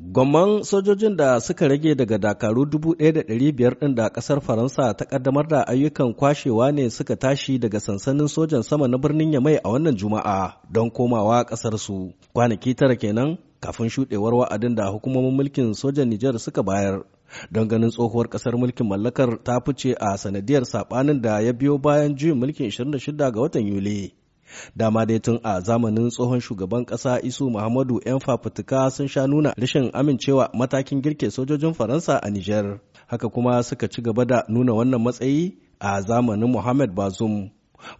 Gwamman sojojin da suka rage daga dakaru 1,500 ɗin da ƙasar Faransa ta ƙaddamar da ayyukan kwashewa ne suka tashi daga sansanin sojan sama na birnin Yamai a wannan Juma'a don komawa ƙasar su Kwanaki tara kenan kafin shuɗewar wa'adin da hukumomin mulkin sojan Nijar suka bayar. Don ganin tsohuwar ƙasar mulkin mallakar ta fice a sanadiyar saɓanin da ya biyo bayan juyin mulkin 26 ga watan Yuli. dama dai tun a zamanin tsohon shugaban ƙasa isu muhammadu 'yan fafutuka sun sha nuna rashin amincewa matakin girke sojojin faransa a niger haka kuma suka ci gaba da nuna wannan matsayi a zamanin muhammad bazum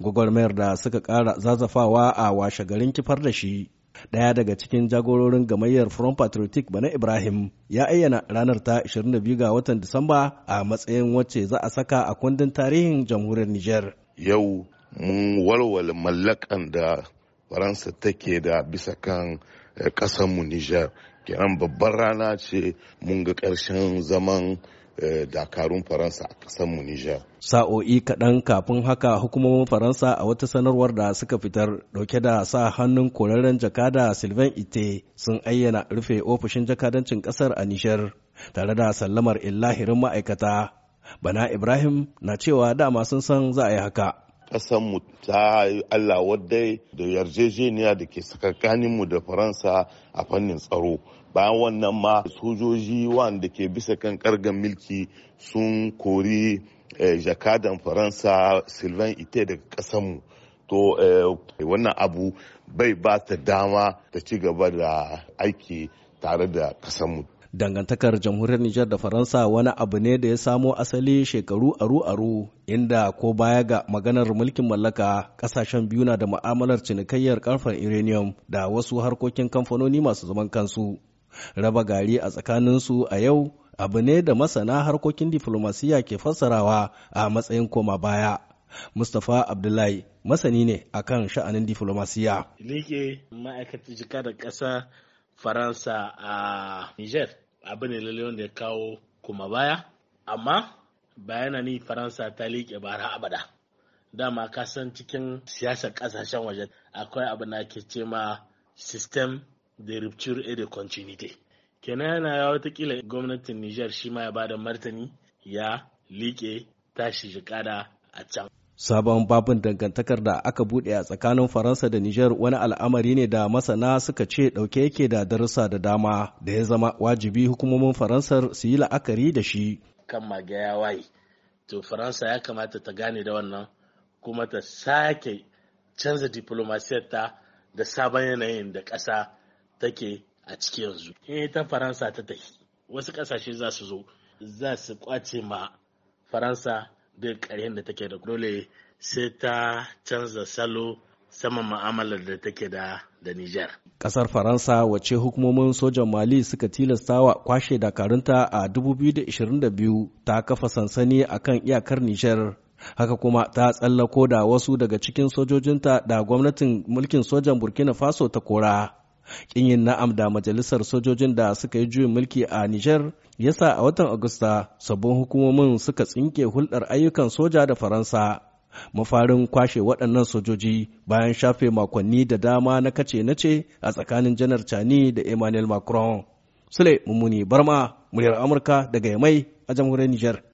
gwagwarmayar da suka kara zazafawa a washe garin kifar da shi ɗaya daga cikin jagororin gamayyar front patriotic bana ibrahim ya ayyana ranar ta 22 ga watan disamba a matsayin wacce za a saka a kundin tarihin jamhuriyar niger yau mun walwala mallakan da faransa take da bisa kan kasanmu eh, niger kenan babbar rana ce mun ga ƙarshen zaman eh, dakarun faransa a kasanmu niger sa'o'i kaɗan kafin haka hukumomin faransa a wata sanarwar da suka fitar dauke da sa hannun koraren jakada sylvain ite sun ayyana rufe ofishin jakadancin ƙasar a niger tare da sallamar illahirin ma'aikata bana ibrahim na cewa dama sun san za a yi haka mu ta Allah wadai da yarjejeniya da ke mu da Faransa a fannin tsaro. Bayan wannan ma sojoji wanda ke bisa kan kargan milki sun kori eh, jakadan Faransa Sylvain Ite daga mu To eh, wannan abu bai ba ta dama ta ci gaba da aiki tare da mu. dangantakar jamhuriyar Nijar da Faransa wani abu ne da ya samo asali shekaru aru-aru inda ko baya ga maganar mulkin mallaka kasashen biyu na da ma'amalar cinikayyar karfan uranium da wasu harkokin kamfanoni masu zaman kansu. Raba gari a tsakaninsu a yau abu ne da masana harkokin diflomasiya ke fassarawa a matsayin koma baya. Mustapha Abdullahi masani ne akan sha'anin diflomasiya. Like ma'aikatar jika da ƙasa faransa a niger abu ne lalle da ya kawo kuma baya amma bayana ni faransa ta liƙe bara abada dama ka san cikin siyasar ƙasashen waje akwai abu na ke ce ma system de rupture et de continuité kenan yana ya watakila gwamnatin niger shi ma ya bada martani ya liƙe tashi jikada a can Sabon babin dangantakar da aka buɗe a tsakanin Faransa da Nijar wani al'amari ne da masana suka ce ɗauke yake da darussa da dama da ya zama wajibi hukumomin Faransar su yi la'akari da shi. Kan magaya ya waye, to Faransa ya kamata ta gane da wannan kuma ta sake canza diplomasiyar ta da sabon yanayin da ƙasa take a ciki yanzu. Eh ta Faransa ta tafi, wasu ƙasashe za su zo, za su kwace ma Faransa duk da take da dole sai ta canza salo saman ma'amalar da take da da Nijar. Kasar Faransa wace hukumomin sojan Mali suka tilasta wa kwashe dakarunta a 2022 ta kafa sansani a kan iyakar Nijar. Haka kuma ta tsallako da wasu daga cikin sojojinta da gwamnatin mulkin sojan Burkina Faso ta kora. Kin yin na'am da majalisar sojojin da suka yi juyin mulki a Nijar yasa a watan Agusta sabbin hukumomin suka tsinke hulɗar ayyukan soja da Faransa. Mafarin kwashe waɗannan sojoji bayan shafe makonni da dama na kace na ce a tsakanin Janar Chani da Emmanuel Macron. Sule Mummuni Barma, muryar Amurka daga Yamai a jamhuriyar Nijar.